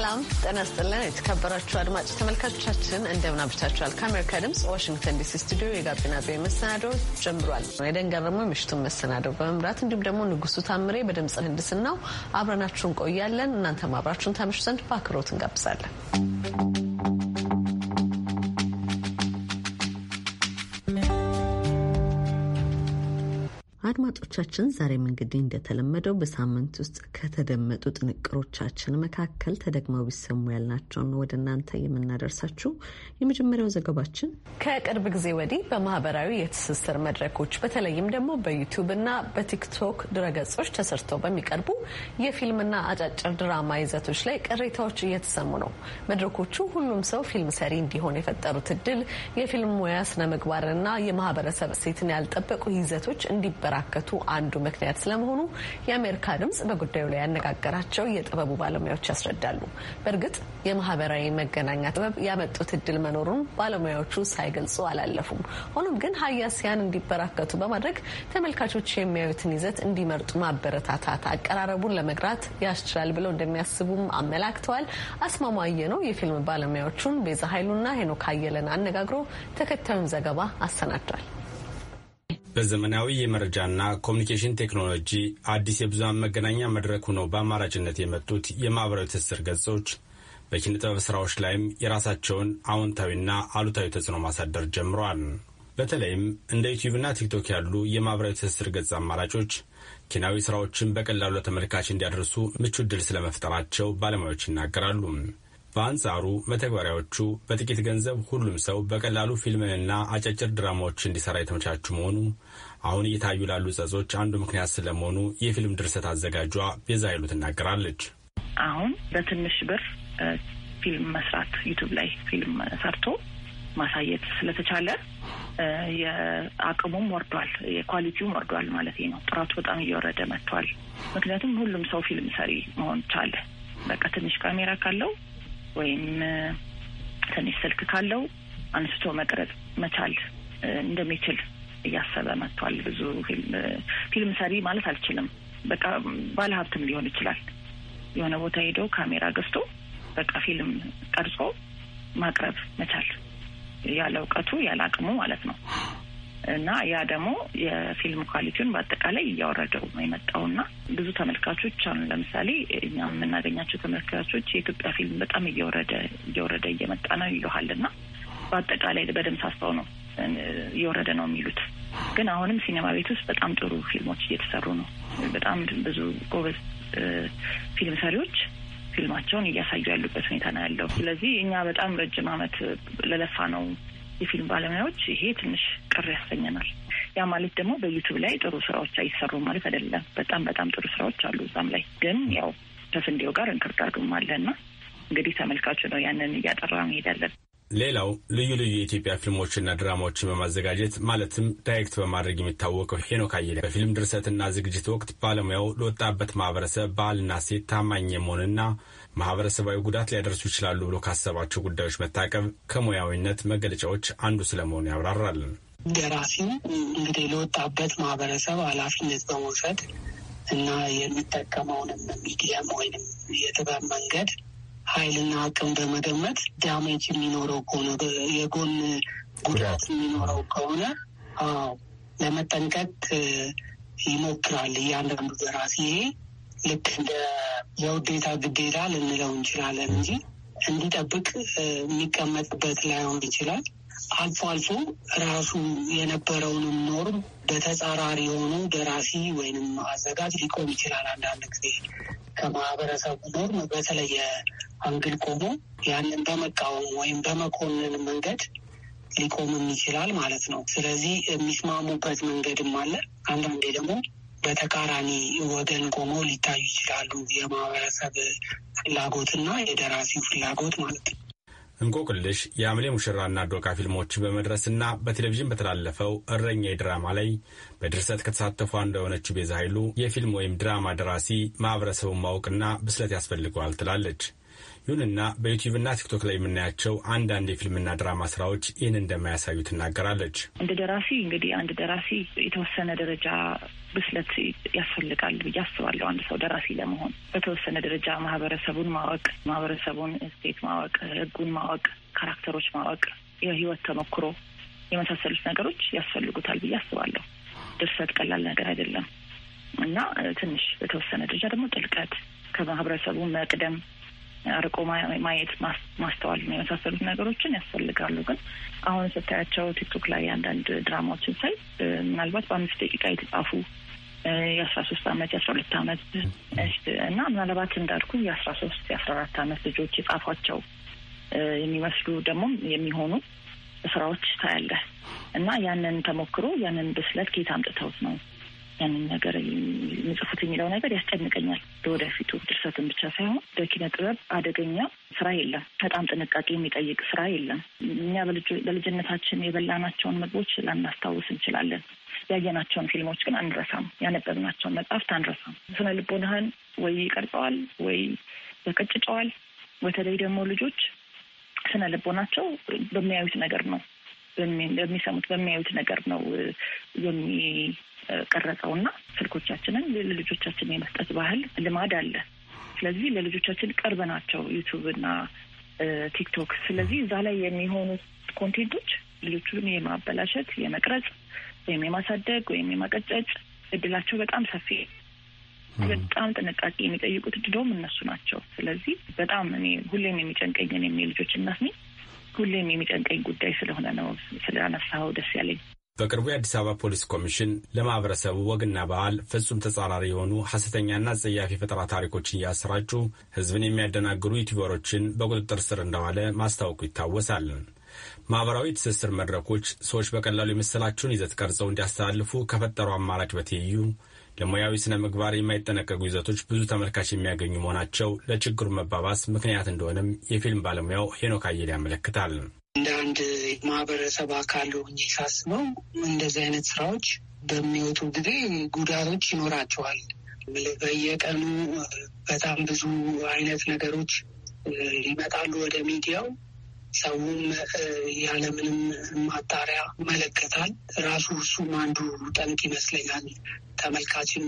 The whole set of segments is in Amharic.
ሰላም ጤና ይስጥልን። የተከበራችሁ አድማጭ ተመልካቾቻችን እንደምን አምሽታችኋል? ከአሜሪካ ድምጽ ዋሽንግተን ዲሲ ስቱዲዮ የጋቢና ቤ መሰናዶ ጀምሯል። የደን ገረመ ምሽቱን መሰናዶ በመምራት እንዲሁም ደግሞ ንጉሱ ታምሬ በድምፅ ህንድስናው አብረናችሁን ቆያለን። እናንተም አብራችሁን ታምሹ ዘንድ በአክብሮት እንጋብዛለን። አድማጮቻችን ዛሬም እንግዲህ እንደተለመደው በሳምንት ውስጥ ከተደመጡ ጥንቅሮቻችን መካከል ተደግመው ቢሰሙ ያልናቸውን ወደ እናንተ የምናደርሳችሁ የመጀመሪያው ዘገባችን ከቅርብ ጊዜ ወዲህ በማህበራዊ የትስስር መድረኮች በተለይም ደግሞ በዩቱብ እና በቲክቶክ ድረገጾች ተሰርተው በሚቀርቡ የፊልምና አጫጭር ድራማ ይዘቶች ላይ ቅሬታዎች እየተሰሙ ነው። መድረኮቹ ሁሉም ሰው ፊልም ሰሪ እንዲሆን የፈጠሩት እድል የፊልም ሙያ ስነ ምግባርና የማህበረሰብ እሴትን ያልጠበቁ ይዘቶች እንዲበራ መበራከቱ አንዱ ምክንያት ስለመሆኑ የአሜሪካ ድምጽ በጉዳዩ ላይ ያነጋገራቸው የጥበቡ ባለሙያዎች ያስረዳሉ። በእርግጥ የማህበራዊ መገናኛ ጥበብ ያመጡት እድል መኖሩን ባለሙያዎቹ ሳይገልጹ አላለፉም። ሆኖም ግን ሀያሲያን እንዲበራከቱ በማድረግ ተመልካቾች የሚያዩትን ይዘት እንዲመርጡ ማበረታታት አቀራረቡን ለመግራት ያስችላል ብለው እንደሚያስቡም አመላክተዋል። አስማማየ ነው የፊልም ባለሙያዎቹን ቤዛ ኃይሉና ሄኖክ አየለን አነጋግሮ ተከታዩን ዘገባ አሰናድቷል። በዘመናዊ የመረጃና ኮሚኒኬሽን ቴክኖሎጂ አዲስ የብዙሃን መገናኛ መድረክ ሆነው በአማራጭነት የመጡት የማህበራዊ ትስስር ገጾች በኪነ ጥበብ ስራዎች ላይም የራሳቸውን አዎንታዊና አሉታዊ ተጽዕኖ ማሳደር ጀምረዋል። በተለይም እንደ ዩቲዩብና ቲክቶክ ያሉ የማህበራዊ ትስስር ገጽ አማራጮች ኪናዊ ስራዎችን በቀላሉ ለተመልካች እንዲያደርሱ ምቹ ዕድል ስለመፍጠራቸው ባለሙያዎች ይናገራሉ። በአንጻሩ መተግበሪያዎቹ በጥቂት ገንዘብ ሁሉም ሰው በቀላሉ ፊልምንና አጫጭር ድራማዎች እንዲሰራ የተመቻቹ መሆኑ አሁን እየታዩ ላሉ ጸጾች አንዱ ምክንያት ስለመሆኑ የፊልም ድርሰት አዘጋጇ ቤዛ ይሉ ትናገራለች። አሁን በትንሽ ብር ፊልም መስራት ዩቱብ ላይ ፊልም ሰርቶ ማሳየት ስለተቻለ የአቅሙም ወርዷል፣ የኳሊቲውም ወርዷል ማለት ነው። ጥራቱ በጣም እየወረደ መጥቷል። ምክንያቱም ሁሉም ሰው ፊልም ሰሪ መሆን ቻለ። በቃ ትንሽ ካሜራ ካለው ወይም ትንሽ ስልክ ካለው አንስቶ መቅረጽ መቻል እንደሚችል እያሰበ መጥቷል። ብዙ ፊልም ሰሪ ማለት አልችልም፣ በቃ ባለሀብትም ሊሆን ይችላል። የሆነ ቦታ ሄዶ ካሜራ ገዝቶ በቃ ፊልም ቀርጾ ማቅረብ መቻል ያለ እውቀቱ ያለ አቅሙ ማለት ነው። እና ያ ደግሞ የፊልም ኳሊቲውን በአጠቃላይ እያወረደው ነው የመጣው እና ብዙ ተመልካቾች አሉ። ለምሳሌ እኛ የምናገኛቸው ተመልካቾች የኢትዮጵያ ፊልም በጣም እየወረደ እየወረደ እየመጣ ነው ይለሃል እና በአጠቃላይ በደምብ ሳስተው ነው እየወረደ ነው የሚሉት። ግን አሁንም ሲኔማ ቤት ውስጥ በጣም ጥሩ ፊልሞች እየተሰሩ ነው። በጣም ብዙ ጎበዝ ፊልም ሰሪዎች ፊልማቸውን እያሳዩ ያሉበት ሁኔታ ነው ያለው። ስለዚህ እኛ በጣም ረጅም ዓመት ለለፋ ነው የፊልም ባለሙያዎች ይሄ ትንሽ ቅር ያሰኘናል። ያ ማለት ደግሞ በዩቱብ ላይ ጥሩ ስራዎች አይሰሩም ማለት አይደለም። በጣም በጣም ጥሩ ስራዎች አሉ እዛም ላይ ግን ያው ከስንዴው ጋር እንክርዳዱም አለና እንግዲህ ተመልካቹ ነው ያንን እያጠራ መሄድ ሌላው ልዩ ልዩ የኢትዮጵያ ፊልሞችና ድራማዎችን በማዘጋጀት ማለትም ዳይሬክት በማድረግ የሚታወቀው ሄኖክ አየለ በፊልም ድርሰትና ዝግጅት ወቅት ባለሙያው ለወጣበት ማህበረሰብ ባህልና ሴት ታማኝ የመሆንና ማህበረሰባዊ ጉዳት ሊያደርሱ ይችላሉ ብሎ ካሰባቸው ጉዳዮች መታቀብ ከሙያዊነት መገለጫዎች አንዱ ስለመሆኑ ያብራራል። ደራሲ እንግዲህ ለወጣበት ማህበረሰብ ኃላፊነት በመውሰድ እና የሚጠቀመውንም ሚዲየም ወይንም የጥበብ መንገድ ኃይልና አቅም በመገመት ዳሜጅ የሚኖረው ከሆነ የጎን ጉዳት የሚኖረው ከሆነ ለመጠንቀቅ ይሞክራል እያንዳንዱ ዘራሲ። ይሄ ልክ እንደ የውዴታ ግዴታ ልንለው እንችላለን እንጂ እንዲጠብቅ የሚቀመጥበት ላይሆን ይችላል። አልፎ አልፎ ራሱ የነበረውንም ኖርም በተጻራሪ የሆኑ ደራሲ ወይንም አዘጋጅ ሊቆም ይችላል። አንዳንድ ጊዜ ከማህበረሰቡ ኖርም በተለየ አንግል ቆሞ ያንን በመቃወም ወይም በመኮንን መንገድ ሊቆምም ይችላል ማለት ነው። ስለዚህ የሚስማሙበት መንገድም አለ። አንዳንዴ ደግሞ በተቃራኒ ወገን ቆሞ ሊታዩ ይችላሉ። የማህበረሰብ ፍላጎትና የደራሲው ፍላጎት ማለት ነው። እንቆቅልሽ፣ የአምሌ ሙሽራና ዶቃ ፊልሞች በመድረስና በቴሌቪዥን በተላለፈው እረኛ ድራማ ላይ በድርሰት ከተሳተፉ አንዱ የሆነችው ቤዛ ኃይሉ የፊልም ወይም ድራማ ደራሲ ማኅበረሰቡን ማወቅና ብስለት ያስፈልገዋል ትላለች። ይሁንና በዩቲዩብና ቲክቶክ ላይ የምናያቸው አንዳንድ የፊልምና ድራማ ስራዎች ይህን እንደማያሳዩ ትናገራለች። እንደ ደራሲ እንግዲህ አንድ ደራሲ የተወሰነ ደረጃ ብስለት ያስፈልጋል ብዬ አስባለሁ። አንድ ሰው ደራሲ ለመሆን በተወሰነ ደረጃ ማህበረሰቡን ማወቅ፣ ማህበረሰቡን ስቴት ማወቅ፣ ህጉን ማወቅ፣ ካራክተሮች ማወቅ፣ የህይወት ተሞክሮ የመሳሰሉት ነገሮች ያስፈልጉታል ብዬ አስባለሁ። ድርሰት ቀላል ነገር አይደለም እና ትንሽ በተወሰነ ደረጃ ደግሞ ጥልቀት ከማህበረሰቡ መቅደም አርቆ ማየት ማስተዋል የመሳሰሉት ነገሮችን ያስፈልጋሉ። ግን አሁን ስታያቸው ቲክቶክ ላይ አንዳንድ ድራማዎችን ሳይ ምናልባት በአምስት ደቂቃ የተጻፉ የአስራ ሶስት አመት የአስራ ሁለት አመት እና ምናልባት እንዳልኩ የአስራ ሶስት የአስራ አራት አመት ልጆች የጻፏቸው የሚመስሉ ደግሞ የሚሆኑ ስራዎች ታያለህ እና ያንን ተሞክሮ ያንን ብስለት ጌታ አምጥተውት ነው ያንን ነገር የሚጽፉት የሚለው ነገር ያስጨንቀኛል። ለወደፊቱ ድርሰትን ብቻ ሳይሆን በኪነ ጥበብ አደገኛ ስራ የለም። በጣም ጥንቃቄ የሚጠይቅ ስራ የለም። እኛ በልጅነታችን የበላናቸውን ምግቦች ላናስታውስ እንችላለን። ያየናቸውን ፊልሞች ግን አንረሳም። ያነበብናቸውን መጽሐፍት አንረሳም። ስነ ልቦናህን ወይ ይቀርጸዋል ወይ ያቀጭጨዋል። በተለይ ደግሞ ልጆች ስነ ልቦናቸው በሚያዩት ነገር ነው በሚሰሙት በሚያዩት ነገር ነው የሚቀረጸው እና ስልኮቻችንን ለልጆቻችን የመስጠት ባህል ልማድ አለ። ስለዚህ ለልጆቻችን ቅርብ ናቸው ዩቱብ እና ቲክቶክ። ስለዚህ እዛ ላይ የሚሆኑ ኮንቴንቶች ልጆቹን የማበላሸት የመቅረጽ ወይም የማሳደግ ወይም የማቀጨጭ እድላቸው በጣም ሰፊ በጣም ጥንቃቄ የሚጠይቁት ድዶም እነሱ ናቸው። ስለዚህ በጣም እኔ ሁሌም የሚጨንቀኝን የሚ ልጆች እናት ነኝ ሁሌም የሚጨንቀኝ ጉዳይ ስለሆነ ነው ስላነሳኸው ደስ ያለኝ። በቅርቡ የአዲስ አበባ ፖሊስ ኮሚሽን ለማህበረሰቡ ወግና ባህል ፍጹም ተጻራሪ የሆኑ ሐሰተኛና አጸያፊ የፈጠራ ታሪኮችን እያሰራጩ ህዝብን የሚያደናግሩ ዩቲዩበሮችን በቁጥጥር ስር እንደዋለ ማስታወቁ ይታወሳል። ማህበራዊ ትስስር መድረኮች ሰዎች በቀላሉ የመሰላቸውን ይዘት ቀርጸው እንዲያስተላልፉ ከፈጠሩ አማራጭ በትይዩ ለሙያዊ ስነ ምግባር የማይጠነቀቁ ይዘቶች ብዙ ተመልካች የሚያገኙ መሆናቸው ለችግሩ መባባስ ምክንያት እንደሆነም የፊልም ባለሙያው ሄኖክ አየለ ያመለክታል። እንደ አንድ ማህበረሰብ አካል ሆኜ ሳስበው እንደዚህ አይነት ስራዎች በሚወጡ ጊዜ ጉዳቶች ይኖራቸዋል። በየቀኑ በጣም ብዙ አይነት ነገሮች ይመጣሉ ወደ ሚዲያው። ሰውም ያለምንም ማጣሪያ ይመለከታል። ራሱ እሱም አንዱ ጠንቅ ይመስለኛል። ተመልካችም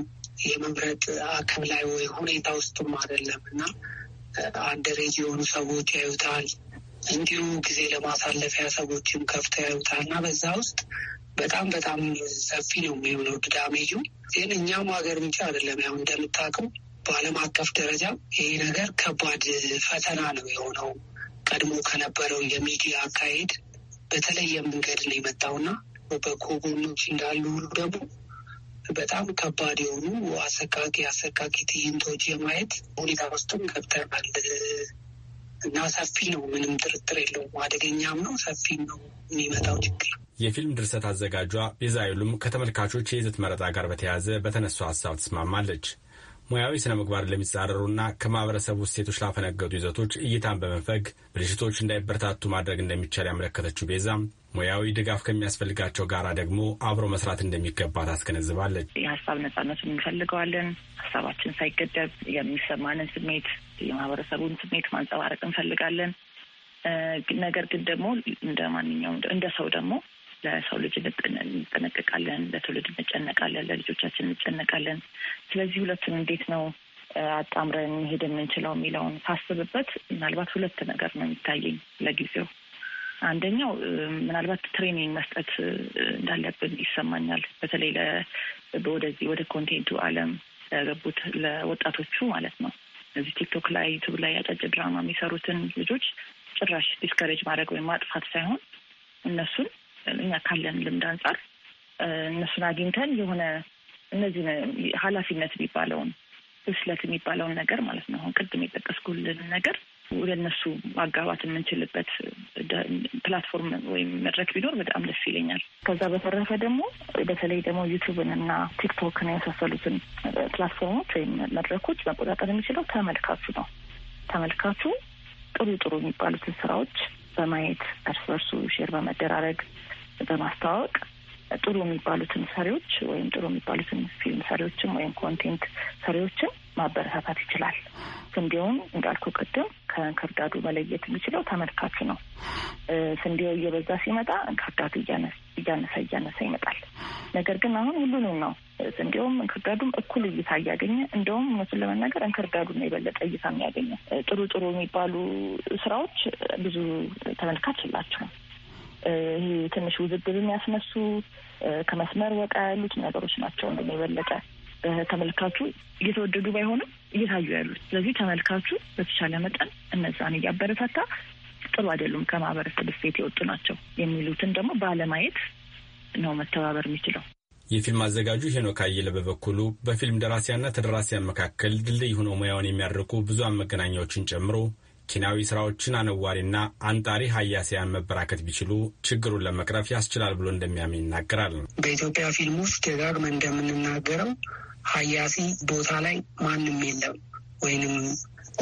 የመምረጥ አቅም ላይ ወይ ሁኔታ ውስጥም አይደለም እና አንደሬጅ የሆኑ ሰዎች ያዩታል። እንዲሁ ጊዜ ለማሳለፊያ ሰዎችም ከፍተ ያዩታል እና በዛ ውስጥ በጣም በጣም ሰፊ ነው የሚሆነው ድዳሜጁ። ግን እኛም ሀገር ብቻ አይደለም ያው እንደምታውቀው በዓለም አቀፍ ደረጃ ይሄ ነገር ከባድ ፈተና ነው የሆነው ቀድሞ ከነበረው የሚዲያ አካሄድ በተለየ መንገድ ነው የመጣውና በኮጎኖች እንዳሉ ሁሉ ደግሞ በጣም ከባድ የሆኑ አሰቃቂ አሰቃቂ ትዕይንቶች የማየት ሁኔታ ውስጥም ገብተናል እና ሰፊ ነው። ምንም ጥርጥር የለውም። አደገኛም ነው። ሰፊ ነው የሚመጣው ችግር። የፊልም ድርሰት አዘጋጇ ቤዛይሉም ከተመልካቾች የይዘት መረጣ ጋር በተያያዘ በተነሱ ሀሳብ ትስማማለች። ሙያዊ ስነ ምግባር ለሚጻረሩና ከማህበረሰቡ እሴቶች ላፈነገጡ ይዘቶች እይታን በመንፈግ ብልሽቶች እንዳይበረታቱ ማድረግ እንደሚቻል ያመለከተችው ቤዛም ሙያዊ ድጋፍ ከሚያስፈልጋቸው ጋር ደግሞ አብሮ መስራት እንደሚገባ ታስገነዝባለች። የሀሳብ ነጻነቱን እንፈልገዋለን። ሀሳባችን ሳይገደብ የሚሰማንን ስሜት፣ የማህበረሰቡን ስሜት ማንጸባረቅ እንፈልጋለን። ነገር ግን ደግሞ እንደ ማንኛውም እንደ ሰው ደግሞ ለሰው ልጅ እንጠነቀቃለን፣ ለትውልድ እንጨነቃለን፣ ለልጆቻችን እንጨነቃለን። ስለዚህ ሁለቱን እንዴት ነው አጣምረን መሄድ የምንችለው የሚለውን ሳስብበት ምናልባት ሁለት ነገር ነው የሚታየኝ ለጊዜው። አንደኛው ምናልባት ትሬኒንግ መስጠት እንዳለብን ይሰማኛል። በተለይ ወደዚህ ወደ ኮንቴንቱ ዓለም ለገቡት ለወጣቶቹ ማለት ነው። እዚህ ቲክቶክ ላይ ዩቱብ ላይ አጫጭር ድራማ የሚሰሩትን ልጆች ጭራሽ ዲስከሬጅ ማድረግ ወይም ማጥፋት ሳይሆን እነሱን እኛ ካለን ልምድ አንጻር እነሱን አግኝተን የሆነ እነዚህ ኃላፊነት የሚባለውን ብስለት የሚባለውን ነገር ማለት ነው አሁን ቅድም የጠቀስኩልን ነገር ወደ እነሱ ማጋባት የምንችልበት ፕላትፎርም ወይም መድረክ ቢኖር በጣም ደስ ይለኛል። ከዛ በተረፈ ደግሞ በተለይ ደግሞ ዩቱብን እና ቲክቶክን የመሳሰሉትን ፕላትፎርሞች ወይም መድረኮች መቆጣጠር የሚችለው ተመልካቹ ነው። ተመልካቹ ጥሩ ጥሩ የሚባሉትን ስራዎች በማየት እርስ በርሱ ሼር በመደራረግ በማስተዋወቅ ጥሩ የሚባሉትን ሰሪዎች ወይም ጥሩ የሚባሉትን ፊልም ሰሪዎችን ወይም ኮንቴንት ሰሪዎችን ማበረታታት ይችላል። ስንዴውን እንዳልኩ ቅድም ከእንክርዳዱ መለየት የሚችለው ተመልካች ነው። ስንዴው እየበዛ ሲመጣ እንክርዳዱ እያነሳ እያነሰ ይመጣል። ነገር ግን አሁን ሁሉንም ነው ስንዴውም እንክርዳዱም እኩል እይታ እያገኘ እንደውም እውነቱን ለመናገር እንክርዳዱ ነው የበለጠ እይታ የሚያገኘ። ጥሩ ጥሩ የሚባሉ ስራዎች ብዙ ተመልካች የላቸውም። ይሄ ትንሽ ውዝግብ የሚያስነሱ ከመስመር ወጣ ያሉት ነገሮች ናቸው። እንደ የበለጠ ተመልካቹ እየተወደዱ ባይሆንም እየታዩ ያሉት። ስለዚህ ተመልካቹ በተቻለ መጠን እነዛን እያበረታታ ጥሩ አይደሉም፣ ከማህበረሰብ እሴት የወጡ ናቸው የሚሉትን ደግሞ ባለማየት ነው መተባበር የሚችለው። የፊልም አዘጋጁ ሄኖክ አየለ በበኩሉ በፊልም ደራሲያና ተደራሲያን መካከል ድልድይ ሆነው ሙያውን የሚያደርጉ ብዙሃን መገናኛዎችን ጨምሮ ኪናዊ ስራዎችን አነዋሪና አንጣሪ ሀያሲያን መበራከት ቢችሉ ችግሩን ለመቅረፍ ያስችላል ብሎ እንደሚያምን ይናገራል። በኢትዮጵያ ፊልም ውስጥ ደጋግመ እንደምንናገረው ሀያሲ ቦታ ላይ ማንም የለም ወይንም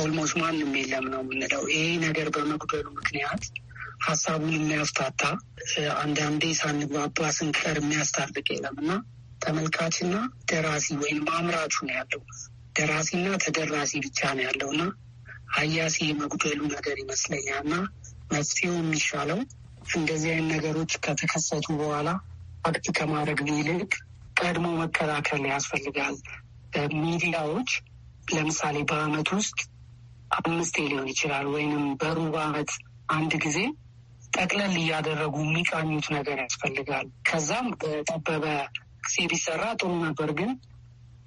ኦልሞስት ማንም የለም ነው የምንለው። ይሄ ነገር በመጉደሉ ምክንያት ሀሳቡን የሚያፍታታ አንዳንዴ ሳንግባባ ስንቀር የሚያስታርቅ የለም እና ተመልካችና ደራሲ ወይም አምራቹ ነው ያለው። ደራሲና ተደራሲ ብቻ ነው ያለው እና አያሴ የመጉደሉ ነገር ይመስለኛል እና መፍትሄው የሚሻለው እንደዚህ አይነት ነገሮች ከተከሰቱ በኋላ አክት ከማድረግ ይልቅ ቀድሞ መከላከል ያስፈልጋል። ሚዲያዎች ለምሳሌ በአመት ውስጥ አምስቴ ሊሆን ይችላል ወይንም በሩብ አመት አንድ ጊዜ ጠቅለል እያደረጉ የሚቃኙት ነገር ያስፈልጋል። ከዛም በጠበበ ጊዜ ቢሰራ ጥሩ ነበር፣ ግን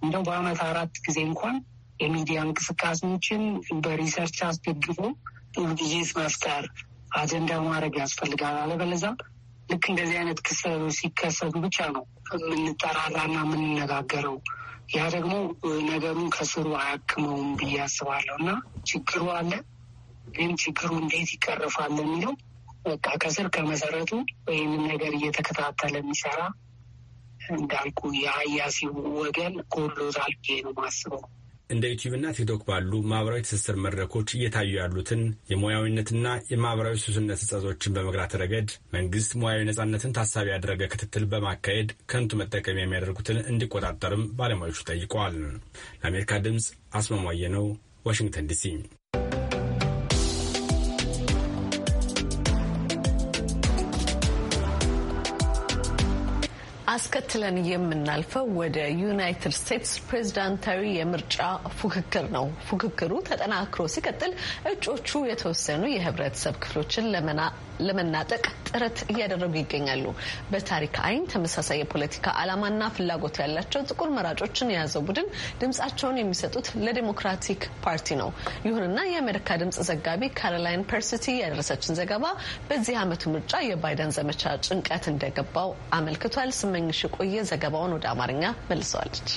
እንደው በአመት አራት ጊዜ እንኳን የሚዲያ እንቅስቃሴዎችን በሪሰርች አስደግፎ ኢንጌጅ መፍጠር አጀንዳ ማድረግ ያስፈልጋል። አለበለዛ ልክ እንደዚህ አይነት ክስተቶች ሲከሰቱ ብቻ ነው የምንጠራራና የምንነጋገረው። ያ ደግሞ ነገሩን ከስሩ አያክመውም ብዬ አስባለሁ እና ችግሩ አለ፣ ግን ችግሩ እንዴት ይቀረፋል የሚለው በቃ ከስር ከመሰረቱ ይህንን ነገር እየተከታተለ የሚሰራ እንዳልኩ የሀያሲው ወገን ጎሎታል ነው ማስበው። እንደ ዩቲዩብና ቲክቶክ ባሉ ማኅበራዊ ትስስር መድረኮች እየታዩ ያሉትን የሙያዊነትና የማኅበራዊ ሱስነት እጸዞችን በመግራት ረገድ መንግሥት ሙያዊ ነጻነትን ታሳቢ ያደረገ ክትትል በማካሄድ ከንቱ መጠቀሚያ የሚያደርጉትን እንዲቆጣጠርም ባለሙያዎቹ ጠይቀዋል። ለአሜሪካ ድምፅ አስማማየ ነው፣ ዋሽንግተን ዲሲ። አስከትለን የምናልፈው ወደ ዩናይትድ ስቴትስ ፕሬዚዳንታዊ የምርጫ ፉክክር ነው። ፉክክሩ ተጠናክሮ ሲቀጥል እጮቹ የተወሰኑ የህብረተሰብ ክፍሎችን ለመና ለመናጠቅ ጥረት እያደረጉ ይገኛሉ። በታሪክ አይን ተመሳሳይ የፖለቲካ ዓላማና ፍላጎት ያላቸው ጥቁር መራጮችን የያዘው ቡድን ድምጻቸውን የሚሰጡት ለዲሞክራቲክ ፓርቲ ነው። ይሁንና የአሜሪካ ድምጽ ዘጋቢ ካሮላይን ፐርሲቲ ያደረሰችን ዘገባ በዚህ ዓመቱ ምርጫ የባይደን ዘመቻ ጭንቀት እንደገባው አመልክቷል። ስመኝሽ የቆየ ዘገባውን ወደ አማርኛ መልሰዋለች።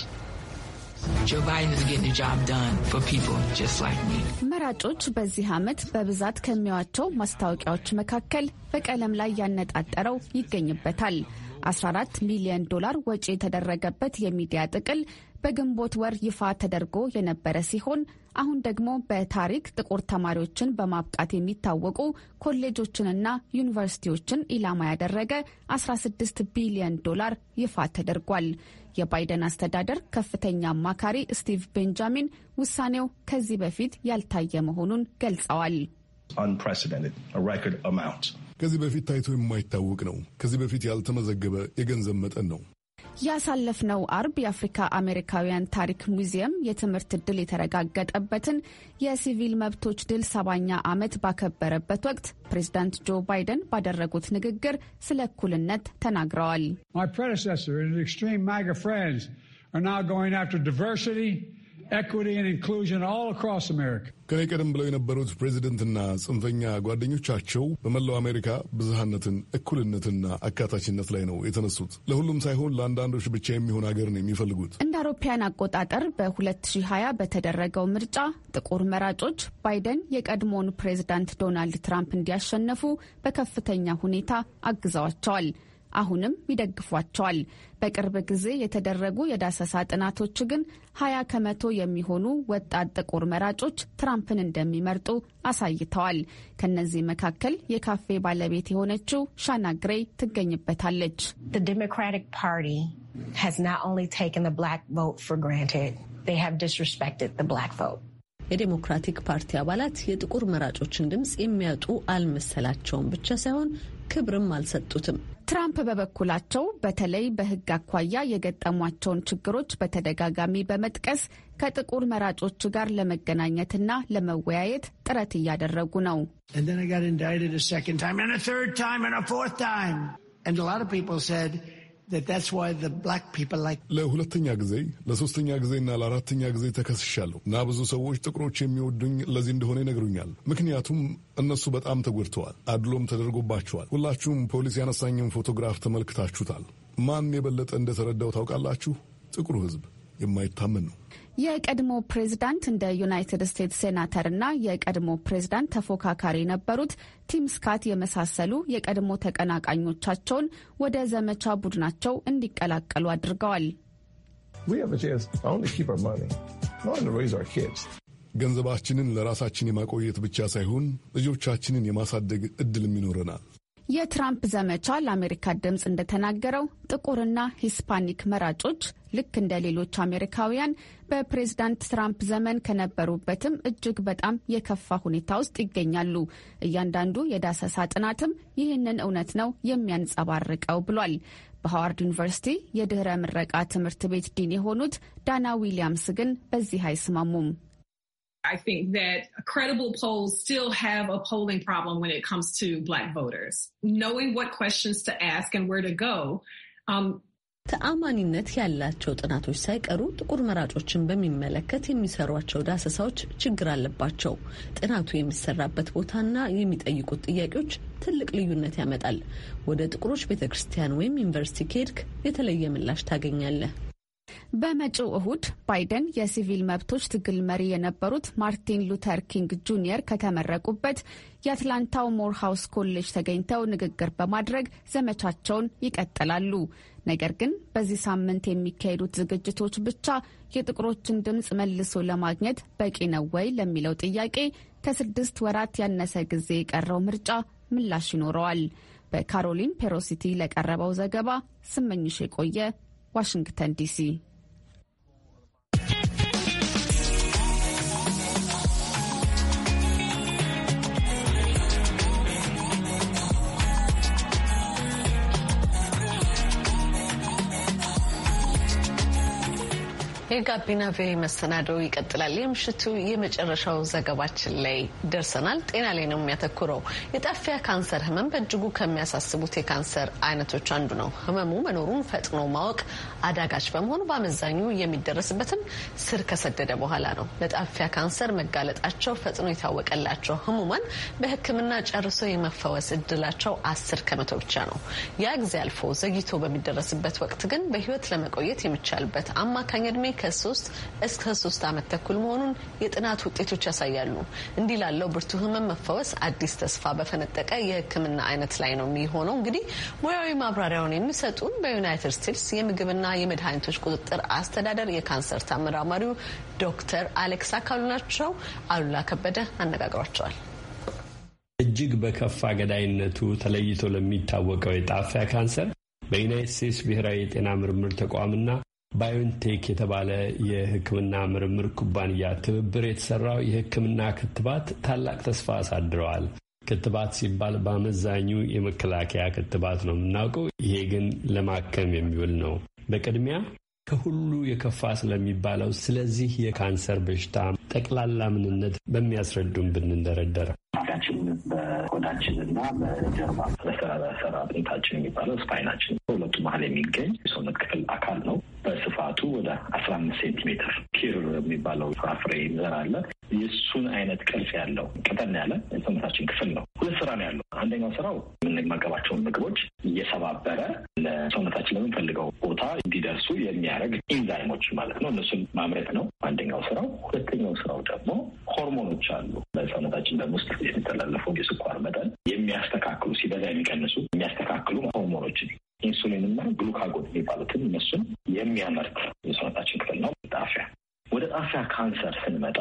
መራጮች በዚህ ዓመት በብዛት ከሚዋቸው ማስታወቂያዎች መካከል በቀለም ላይ ያነጣጠረው ይገኝበታል። 14 ሚሊዮን ዶላር ወጪ የተደረገበት የሚዲያ ጥቅል በግንቦት ወር ይፋ ተደርጎ የነበረ ሲሆን አሁን ደግሞ በታሪክ ጥቁር ተማሪዎችን በማብቃት የሚታወቁ ኮሌጆችንና ዩኒቨርሲቲዎችን ኢላማ ያደረገ 16 ቢሊዮን ዶላር ይፋ ተደርጓል። የባይደን አስተዳደር ከፍተኛ አማካሪ ስቲቭ ቤንጃሚን ውሳኔው ከዚህ በፊት ያልታየ መሆኑን ገልጸዋል። ከዚህ በፊት ታይቶ የማይታወቅ ነው። ከዚህ በፊት ያልተመዘገበ የገንዘብ መጠን ነው። ያሳለፍነው አርብ የአፍሪካ አሜሪካውያን ታሪክ ሙዚየም የትምህርት ድል የተረጋገጠበትን የሲቪል መብቶች ድል ሰባኛ ዓመት ባከበረበት ወቅት ፕሬዚዳንት ጆ ባይደን ባደረጉት ንግግር ስለ እኩልነት ተናግረዋል። ከኔ ቀደም ብለው የነበሩት ፕሬዚደንትና ጽንፈኛ ጓደኞቻቸው በመላው አሜሪካ ብዝሃነትን፣ እኩልነትና አካታችነት ላይ ነው የተነሱት። ለሁሉም ሳይሆን ለአንዳንዶች ብቻ የሚሆን ሀገር ነው የሚፈልጉት። እንደ አውሮፓውያን አቆጣጠር በ2020 በተደረገው ምርጫ ጥቁር መራጮች ባይደን የቀድሞውን ፕሬዚዳንት ዶናልድ ትራምፕ እንዲያሸነፉ በከፍተኛ ሁኔታ አግዘዋቸዋል። አሁንም ይደግፏቸዋል። በቅርብ ጊዜ የተደረጉ የዳሰሳ ጥናቶች ግን ሀያ ከመቶ የሚሆኑ ወጣት ጥቁር መራጮች ትራምፕን እንደሚመርጡ አሳይተዋል። ከነዚህ መካከል የካፌ ባለቤት የሆነችው ሻና ግሬይ ትገኝበታለች። የዴሞክራቲክ ፓርቲ አባላት የጥቁር መራጮችን ድምፅ የሚያጡ አልመሰላቸውም ብቻ ሳይሆን ክብርም አልሰጡትም። ትራምፕ በበኩላቸው በተለይ በሕግ አኳያ የገጠሟቸውን ችግሮች በተደጋጋሚ በመጥቀስ ከጥቁር መራጮች ጋር ለመገናኘትና ለመወያየት ጥረት እያደረጉ ነው። And then I got indicted a second time and a third time and a fourth time. And a lot of people said, ለሁለተኛ ጊዜ ለሶስተኛ ጊዜና ለአራተኛ ጊዜ ተከስሻለሁ እና ብዙ ሰዎች ጥቁሮች የሚወዱኝ ለዚህ እንደሆነ ይነግሩኛል። ምክንያቱም እነሱ በጣም ተጎድተዋል፣ አድሎም ተደርጎባቸዋል። ሁላችሁም ፖሊስ ያነሳኝን ፎቶግራፍ ተመልክታችሁታል። ማን የበለጠ እንደተረዳው ታውቃላችሁ? ጥቁሩ ሕዝብ የማይታመን ነው። የቀድሞ ፕሬዝዳንት እንደ ዩናይትድ ስቴትስ ሴናተርና የቀድሞ ፕሬዝዳንት ተፎካካሪ የነበሩት ቲም ስካት የመሳሰሉ የቀድሞ ተቀናቃኞቻቸውን ወደ ዘመቻ ቡድናቸው እንዲቀላቀሉ አድርገዋል። ገንዘባችንን ለራሳችን የማቆየት ብቻ ሳይሆን ልጆቻችንን የማሳደግ እድልም ይኖረናል። የትራምፕ ዘመቻ ለአሜሪካ ድምፅ እንደተናገረው ጥቁርና ሂስፓኒክ መራጮች ልክ እንደ ሌሎች አሜሪካውያን በፕሬዝዳንት ትራምፕ ዘመን ከነበሩበትም እጅግ በጣም የከፋ ሁኔታ ውስጥ ይገኛሉ። እያንዳንዱ የዳሰሳ ጥናትም ይህንን እውነት ነው የሚያንጸባርቀው ብሏል። በሃዋርድ ዩኒቨርሲቲ የድኅረ ምረቃ ትምህርት ቤት ዲን የሆኑት ዳና ዊሊያምስ ግን በዚህ አይስማሙም። I think that credible polls still have a polling problem when it comes to black voters. Knowing what questions to ask and where to go. Um, ተአማኒነት ያላቸው ጥናቶች ሳይቀሩ ጥቁር መራጮችን በሚመለከት የሚሰሯቸው ዳሰሳዎች ችግር አለባቸው። ጥናቱ የሚሰራበት ቦታና የሚጠይቁት ጥያቄዎች ትልቅ ልዩነት ያመጣል። ወደ ጥቁሮች ቤተ ክርስቲያን ወይም ዩኒቨርሲቲ ከሄድክ የተለየ ምላሽ ታገኛለህ። በመጪው እሁድ ባይደን የሲቪል መብቶች ትግል መሪ የነበሩት ማርቲን ሉተር ኪንግ ጁኒየር ከተመረቁበት የአትላንታው ሞርሃውስ ኮሌጅ ተገኝተው ንግግር በማድረግ ዘመቻቸውን ይቀጥላሉ። ነገር ግን በዚህ ሳምንት የሚካሄዱት ዝግጅቶች ብቻ የጥቁሮችን ድምፅ መልሶ ለማግኘት በቂ ነው ወይ ለሚለው ጥያቄ ከስድስት ወራት ያነሰ ጊዜ የቀረው ምርጫ ምላሽ ይኖረዋል። በካሮሊን ፔሮሲቲ ለቀረበው ዘገባ ስመኝሽ የቆየ ዋሽንግተን ዲሲ የጋቢና ቪ መሰናደው ይቀጥላል። የምሽቱ የመጨረሻው ዘገባችን ላይ ደርሰናል። ጤና ላይ ነው የሚያተኩረው። የጣፊያ ካንሰር ህመም በእጅጉ ከሚያሳስቡት የካንሰር አይነቶች አንዱ ነው። ህመሙ መኖሩን ፈጥኖ ማወቅ አዳጋች በመሆኑ በአመዛኙ የሚደረስበትም ስር ከሰደደ በኋላ ነው። ለጣፊያ ካንሰር መጋለጣቸው ፈጥኖ የታወቀላቸው ህሙማን በህክምና ጨርሶ የመፈወስ እድላቸው አስር ከመቶ ብቻ ነው። ያ ጊዜ አልፎ ዘግይቶ በሚደረስበት ወቅት ግን በህይወት ለመቆየት የሚቻልበት አማካኝ እድሜ ከሶስት እስከ ሶስት ዓመት ተኩል መሆኑን የጥናት ውጤቶች ያሳያሉ። እንዲህ ላለው ብርቱ ህመም መፈወስ አዲስ ተስፋ በፈነጠቀ የህክምና አይነት ላይ ነው የሚሆነው። እንግዲህ ሙያዊ ማብራሪያውን የሚሰጡን በዩናይትድ ስቴትስ የምግብና የመድኃኒቶች ቁጥጥር አስተዳደር የካንሰር ተመራማሪው ዶክተር አሌክስ አካሉ ናቸው። አሉላ ከበደ አነጋግሯቸዋል። እጅግ በከፋ ገዳይነቱ ተለይቶ ለሚታወቀው የጣፊያ ካንሰር በዩናይት ስቴትስ ብሔራዊ የጤና ምርምር ተቋምና ባዮንቴክ የተባለ የሕክምና ምርምር ኩባንያ ትብብር የተሰራው የሕክምና ክትባት ታላቅ ተስፋ አሳድረዋል። ክትባት ሲባል በአመዛኙ የመከላከያ ክትባት ነው የምናውቀው። ይሄ ግን ለማከም የሚውል ነው። በቅድሚያ ከሁሉ የከፋ ስለሚባለው ስለዚህ የካንሰር በሽታ ጠቅላላ ምንነት በሚያስረዱን ብንደረደር አፍያችን በሆዳችን እና በጀርባ ሰራተታችን የሚባለው ስፓይናችን በሁለቱ መሀል የሚገኝ የሰውነት ክፍል አካል ነው። በስፋቱ ወደ አስራ አምስት ሴንቲሜትር ኪር የሚባለው ፍራፍሬ ዘር አለ። የእሱን አይነት ቅርጽ ያለው ቀጠን ያለ የሰውነታችን ክፍል ነው። ሁለት ስራ ነው ያለው። አንደኛው ስራው የምንመገባቸውን ምግቦች እየሰባበረ ለሰውነታችን ለምንፈልገው ቦታ እንዲደርሱ የሚያደርግ ኢንዛይሞች ማለት ነው። እነሱን ማምረት ነው አንደኛው ስራው። ሁለተኛው ስራው ደግሞ ሆርሞኖች አሉ በሰውነታችን ደም ውስጥ የሚተላለፈው የስኳር መጠን የሚያስተካክሉ ሲበዛ የሚቀንሱ የሚያስተካክሉ ሆርሞኖችን ኢንሱሊን እና ግሉካጎን የሚባሉትን እነሱን የሚያመርት የሰውነታችን ክፍል ነው ጣፊያ። ወደ ጣፊያ ካንሰር ስንመጣ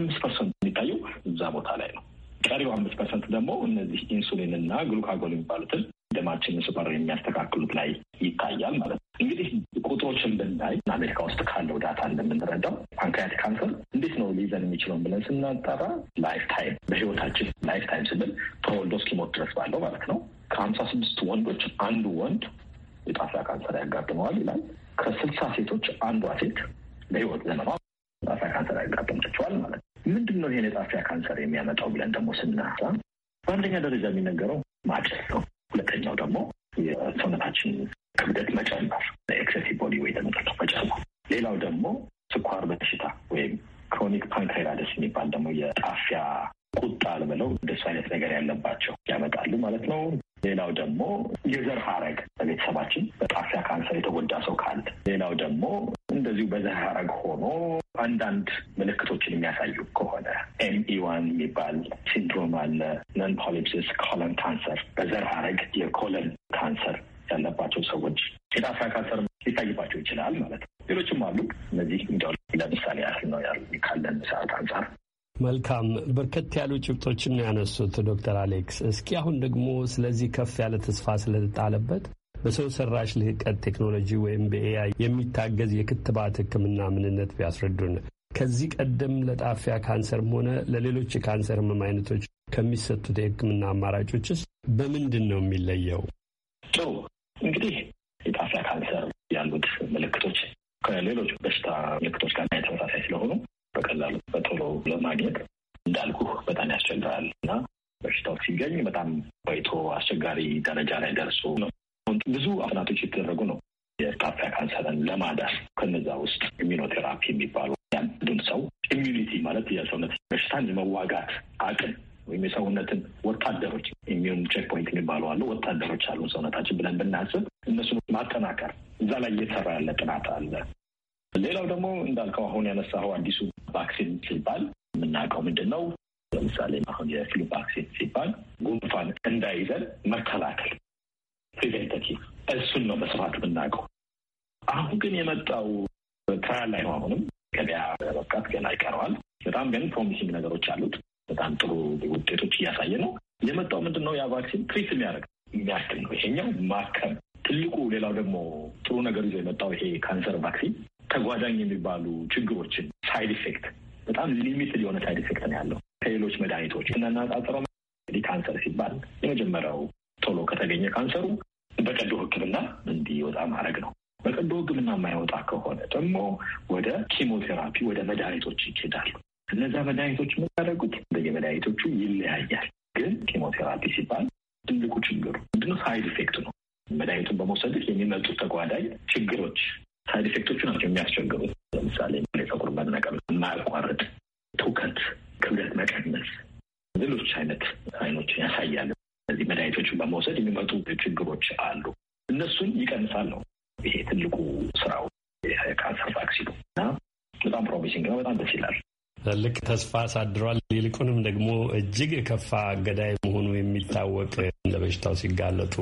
አምስት ፐርሰንት የሚታየው እዛ ቦታ ላይ ነው። ቀሪው አምስት ፐርሰንት ደግሞ እነዚህ ኢንሱሊን እና ግሉካጎን የሚባሉትን ደማችንን ስኳር የሚያስተካክሉት ላይ ይታያል ማለት ነው። እንግዲህ ቁጥሮችን ብናይ አሜሪካ ውስጥ ካለው ዳታ እንደምንረዳው ፓንክሪያት ካንሰር እንዴት ነው ሊይዘን የሚችለውን ብለን ስናጠራ ላይፍ ታይም በህይወታችን ላይፍ ታይም ስንል ተወልዶ እስኪሞት ድረስ ባለው ማለት ነው ከሀምሳ ስድስት ወንዶች አንዱ ወንድ የጣሳ ካንሰር ያጋጥመዋል ይላል። ከስልሳ ሴቶች አንዷ ሴት በህይወት ዘመኗ ምንድን ነው ይሄ የጣፊያ ካንሰር የሚያመጣው ብለን ደግሞ ስናሳ በአንደኛ ደረጃ የሚነገረው ማጨስ ነው። ሁለተኛው ደግሞ የሰውነታችን ክብደት መጨመር፣ ኤክሴሲቭ ቦዲ ዌይት መጨመር። ሌላው ደግሞ ስኳር በሽታ ወይም ክሮኒክ ፓንክሬታይተስ የሚባል ደግሞ የጣፊያ ቁጣ ልበለው እንደሱ አይነት ነገር ያለባቸው ያመጣሉ ማለት ነው። ሌላው ደግሞ የዘር ሀረግ በቤተሰባችን በጣፊያ ካንሰር የተጎዳ ሰው ካለ፣ ሌላው ደግሞ እንደዚሁ በዘር ሀረግ ሆኖ አንዳንድ ምልክቶችን የሚያሳዩ ከሆነ ኤምኢዋን የሚባል ሲንድሮም አለ። ነን ፖሊፕሲስ ኮለን ካንሰር በዘር ሀረግ የኮለን ካንሰር ያለባቸው ሰዎች የጣፊያ ካንሰር ሊታይባቸው ይችላል ማለት ነው። ሌሎችም አሉ። እነዚህ እንዲያው ለምሳሌ ያህል ነው ያሉ ካለን ሰዓት አንጻር መልካም በርከት ያሉ ጭብጦችን ነው ያነሱት ዶክተር አሌክስ። እስኪ አሁን ደግሞ ስለዚህ ከፍ ያለ ተስፋ ስለተጣለበት በሰው ሰራሽ ልህቀት ቴክኖሎጂ ወይም በኤአይ የሚታገዝ የክትባት ህክምና ምንነት ቢያስረዱን። ከዚህ ቀደም ለጣፊያ ካንሰርም ሆነ ለሌሎች የካንሰር ህመም አይነቶች ከሚሰጡት የህክምና አማራጮችስ በምንድን ነው የሚለየው? ጥሩ እንግዲህ የጣፊያ ካንሰር ያሉት ምልክቶች ከሌሎች በሽታ ምልክቶች ጋር ተመሳሳይ ስለሆኑ በቀላሉ በቶሎ ለማግኘት እንዳልኩ በጣም ያስቸግራል እና በሽታው ሲገኝ በጣም በይቶ አስቸጋሪ ደረጃ ላይ ደርሶ ነው። ብዙ አጥናቶች የተደረጉ ነው የጣፊያ ካንሰርን ለማዳስ ከነዛ ውስጥ ኢሚኖቴራፒ የሚባሉ ያንዱን ሰው ኢሚዩኒቲ ማለት የሰውነት በሽታን የመዋጋት አቅም ወይም የሰውነትን ወታደሮች ኢሚዩን ቼክፖይንት የሚባሉ አሉ። ወታደሮች አሉ ሰውነታችን ብለን ብናስብ እነሱን ማጠናከር እዛ ላይ እየተሰራ ያለ ጥናት አለ። ሌላው ደግሞ እንዳልከው አሁን ያነሳኸው አዲሱ ቫክሲን ሲባል የምናውቀው ምንድን ነው? ለምሳሌ አሁን የፍሉ ቫክሲን ሲባል ጉንፋን እንዳይዘን መከላከል ፕሪቬንቲቭ፣ እሱን ነው በስፋት የምናውቀው። አሁን ግን የመጣው ትራያል ላይ ነው። አሁንም ገበያ መብቃት ገና ይቀረዋል። በጣም ግን ፕሮሚሲንግ ነገሮች አሉት። በጣም ጥሩ ውጤቶች እያሳየ ነው። የመጣው ምንድን ነው? ያ ቫክሲን ትሪት የሚያደርግ የሚያክል ነው። ይሄኛው ማከም ትልቁ። ሌላው ደግሞ ጥሩ ነገር ይዞ የመጣው ይሄ ካንሰር ቫክሲን ተጓዳኝ የሚባሉ ችግሮችን ሳይድ ኢፌክት በጣም ሊሚትድ የሆነ ሳይድ ኢፌክት ነው ያለው ከሌሎች መድኃኒቶች ስናነጻጽረው እንግዲህ ካንሰር ሲባል የመጀመሪያው ቶሎ ከተገኘ ካንሰሩ በቀዶ ሕክምና እንዲወጣ ማድረግ ነው። በቀዶ ሕክምና የማይወጣ ከሆነ ደግሞ ወደ ኪሞቴራፒ ወደ መድኃኒቶች ይሄዳሉ። እነዛ መድኃኒቶች የምታደርጉት በየመድኃኒቶቹ ይለያያል። ግን ኪሞቴራፒ ሲባል ትልቁ ችግሩ ምንድነው? ሳይድ ኢፌክት ነው። መድኃኒቱን በመውሰድ የሚመጡ ተጓዳኝ ችግሮች ሳይድ ኢፌክቶቹ ናቸው የሚያስቸግሩት። ለምሳሌ የፀጉር መነቀም፣ የማያቋርጥ ትውከት፣ ክብደት መቀነስ፣ ሌሎች አይነት አይኖችን ያሳያል። እነዚህ መድኃኒቶችን በመውሰድ የሚመጡ ችግሮች አሉ። እነሱን ይቀንሳል ነው ይሄ ትልቁ ስራው የካንሰር ቫክሲኑ እና በጣም ፕሮሚሲንግ ነው። በጣም ደስ ይላል። ትልቅ ተስፋ አሳድሯል። ይልቁንም ደግሞ እጅግ ከፋ ገዳይ መሆኑ የሚታወቅ ለበሽታው ሲጋለጡ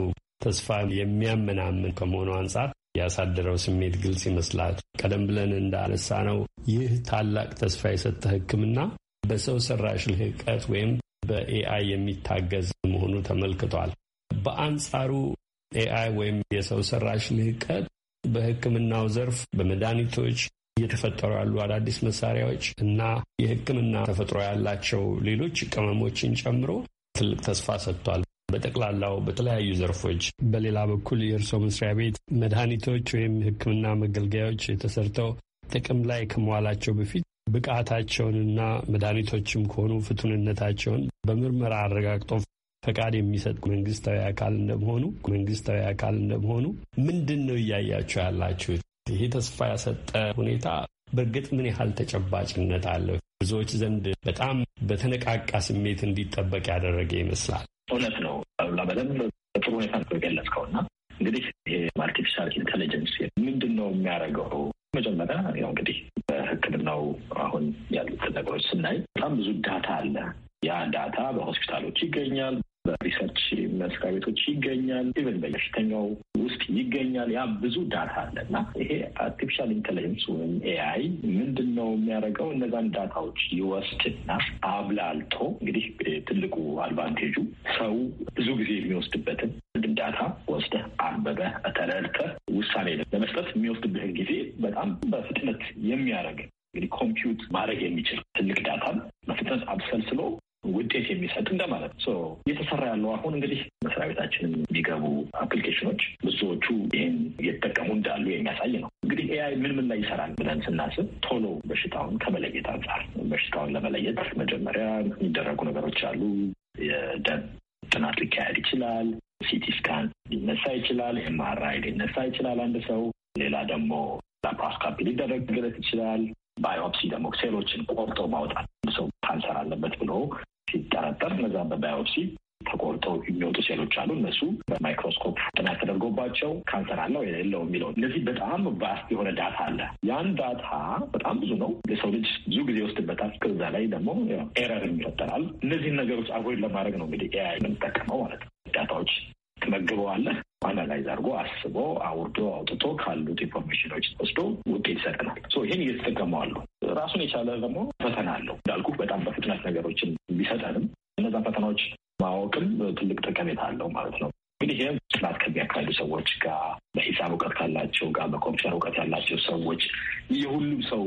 ተስፋ የሚያመናምን ከመሆኑ አንጻር ያሳደረው ስሜት ግልጽ ይመስላል። ቀደም ብለን እንዳነሳ ነው ይህ ታላቅ ተስፋ የሰጠ ሕክምና በሰው ሰራሽ ልህቀት ወይም በኤአይ የሚታገዝ መሆኑ ተመልክቷል። በአንጻሩ ኤአይ ወይም የሰው ሰራሽ ልህቀት በሕክምናው ዘርፍ በመድኃኒቶች እየተፈጠሩ ያሉ አዳዲስ መሳሪያዎች እና የሕክምና ተፈጥሮ ያላቸው ሌሎች ቅመሞችን ጨምሮ ትልቅ ተስፋ ሰጥቷል። በጠቅላላው በተለያዩ ዘርፎች በሌላ በኩል የእርስዎ መስሪያ ቤት መድኃኒቶች ወይም ሕክምና መገልገያዎች ተሰርተው ጥቅም ላይ ከመዋላቸው በፊት ብቃታቸውንና መድኃኒቶችም ከሆኑ ፍቱንነታቸውን በምርመራ አረጋግጦ ፈቃድ የሚሰጥ መንግስታዊ አካል እንደመሆኑ መንግስታዊ አካል እንደመሆኑ ምንድን ነው እያያችሁ ያላችሁት? ይሄ ተስፋ ያሰጠ ሁኔታ በእርግጥ ምን ያህል ተጨባጭነት አለው? ብዙዎች ዘንድ በጣም በተነቃቃ ስሜት እንዲጠበቅ ያደረገ ይመስላል። እውነት ነው አሉላ በደንብ በጥሩ ሁኔታ ገለጽከው እና እንግዲህ ይሄ አርቲፊሻል ኢንቴሊጀንስ ምንድን ነው የሚያደርገው? መጀመሪያ ያው እንግዲህ በሕክምናው አሁን ያሉት ነገሮች ስናይ በጣም ብዙ ዳታ አለ። ያ ዳታ በሆስፒታሎች ይገኛል፣ በሪሰርች መስሪያ ቤቶች ይገኛል። ኢቨን በሽተኛው ውስጥ ይገኛል። ያ ብዙ ዳታ አለ እና ይሄ አርቲፊሻል ኢንቴሊጀንስ ወይም ኤአይ ምንድን ነው የሚያደርገው? እነዛን ዳታዎች ይወስድና አብላልቶ እንግዲህ ትልቁ አድቫንቴጁ ሰው ብዙ ጊዜ የሚወስድበትን አንድም ዳታ ወስደህ አንበበህ ተረድተህ ውሳኔ ለመስጠት የሚወስድብህን ጊዜ በጣም በፍጥነት የሚያደርግ እንግዲህ ኮምፒውት ማድረግ የሚችል ትልቅ ዳታን በፍጥነት አብሰልስሎ ውጤት የሚሰጥ እንደማለት ነው። እየተሰራ ያለው አሁን እንግዲህ መስሪያ ቤታችንም የሚገቡ አፕሊኬሽኖች ብዙዎቹ ይህን እየተጠቀሙ እንዳሉ የሚያሳይ ነው። እንግዲህ ኤአይ ምን ምን ላይ ይሰራል ብለን ስናስብ ቶሎ በሽታውን ከመለየት አንጻር በሽታውን ለመለየት መጀመሪያ የሚደረጉ ነገሮች አሉ። የደም ጥናት ሊካሄድ ይችላል። ሲቲ ስካን ሊነሳ ይችላል። ኤምአርአይ ሊነሳ ይችላል አንድ ሰው። ሌላ ደግሞ ላፓሮስካፒ ሊደረግ ግለት ይችላል። ባዮፕሲ ደግሞ ሴሎችን ቆርጦ ማውጣት ሰው ካንሰር አለበት ብሎ ሲጠረጠር እነዛም በባዮፕሲ ተቆርጠው የሚወጡ ሴሎች አሉ። እነሱ በማይክሮስኮፕ ጥናት ተደርጎባቸው ካንሰር አለው የሌለው የሚለው እነዚህ በጣም ባስ የሆነ ዳታ አለ። ያን ዳታ በጣም ብዙ ነው። የሰው ልጅ ብዙ ጊዜ ይወስድበታል። ከዛ ላይ ደግሞ ኤረር ይፈጠራል። እነዚህን ነገሮች አቮይድ ለማድረግ ነው እንግዲህ ኤአይ የምንጠቀመው ማለት ነው። ዳታዎች ትመግበዋለህ። አናላይዝ አድርጎ አስቦ አውርዶ አውጥቶ ካሉት ኢንፎርሜሽኖች ወስዶ ውጤት ይሰጠናል። ይህን እየተጠቀመዋሉ። ራሱን የቻለ ደግሞ ፈተና አለው። እንዳልኩ በጣም በፍጥነት ነገሮችን ቢሰጠንም እነዛን ፈተናዎች ማወቅም ትልቅ ጠቀሜታ አለው ማለት ነው። እንግዲህ ይህም ጥናት ከሚያካሂዱ ሰዎች ጋር፣ በሂሳብ እውቀት ካላቸው ጋር፣ በኮምፒውተር እውቀት ያላቸው ሰዎች የሁሉም ሰው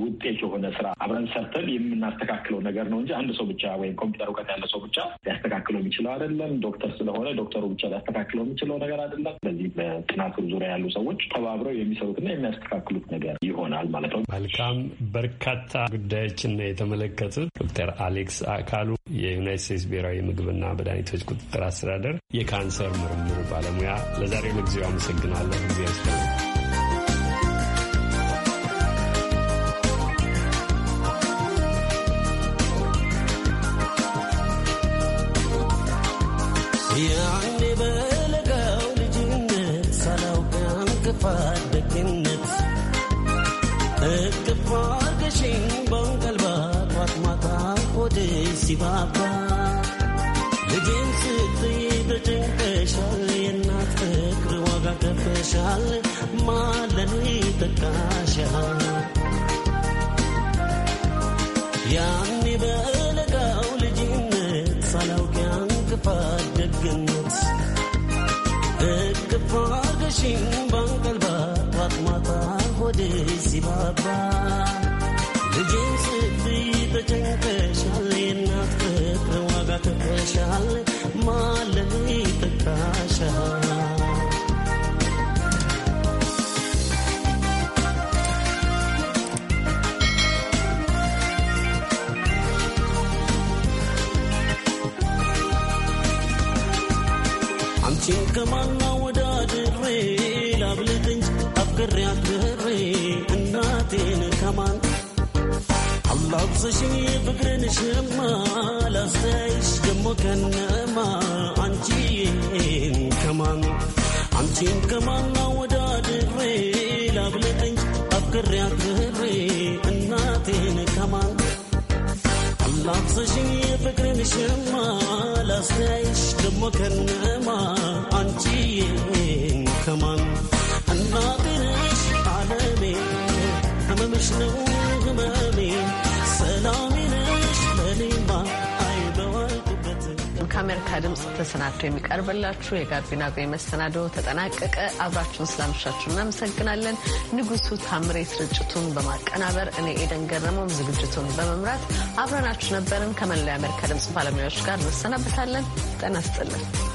ውጤት የሆነ ስራ አብረን ሰርተን የምናስተካክለው ነገር ነው እንጂ አንድ ሰው ብቻ ወይም ኮምፒውተር እውቀት ያለ ሰው ብቻ ሊያስተካክለው የሚችለው አይደለም። ዶክተር ስለሆነ ዶክተሩ ብቻ ሊያስተካክለው የሚችለው ነገር አይደለም። በዚህ በጥናቱ ዙሪያ ያሉ ሰዎች ተባብረው የሚሰሩትና የሚያስተካክሉት ነገር ይሆናል ማለት ነው። መልካም። በርካታ ጉዳዮችን የተመለከቱት። ዶክተር አሌክስ አካሉ የዩናይት ስቴትስ ብሔራዊ ምግብና መድኃኒቶች ቁጥጥር አስተዳደር የካንሰር ምርምር ባለሙያ፣ ለዛሬ ለጊዜው አመሰግናለሁ ጊዜ sal malani takasha yani belagaw lejinnet salaw kyan kfad degnet ekfagashin bangalba watmata hode sibaba lejins bi ተጨንቀሻል የናት ፍቅር ዋጋ ተከሻል ማለኒ ተካሻል ልስማና ወዳድሬ ላብልጥ እንጂ አፍቅሬ አክብሬ እናቴን ከማን አላብሰሽኝ ፍቅርንሽማ ላስተያይሽ ደሞ ከነማ አንቺን ከማን አንቺን ከማና ወዳድሬ ላብልጥ እንጂ አፍቅሬ አክብሬ ላፍሰሽኝ ፍቅርንሽማ ላስተያይሽ ደሞ ከነማ አንቺ ከማን እናትንሽ ዓለሜ ህመምሽ ነው ህመሜ ሰላሜ ለኔማ ከአሜሪካ ድምፅ ተሰናድቶ የሚቀርብላችሁ የጋቢና ቤ መሰናዶ ተጠናቀቀ። አብራችሁን ስላመሻችሁ እናመሰግናለን። ንጉሱ ታምሬ ስርጭቱን በማቀናበር እኔ ኤደን ገረመውም ዝግጅቱን በመምራት አብረናችሁ ነበርን። ከመላው የአሜሪካ ድምፅ ባለሙያዎች ጋር እንሰናበታለን። ጤና ይስጥልን።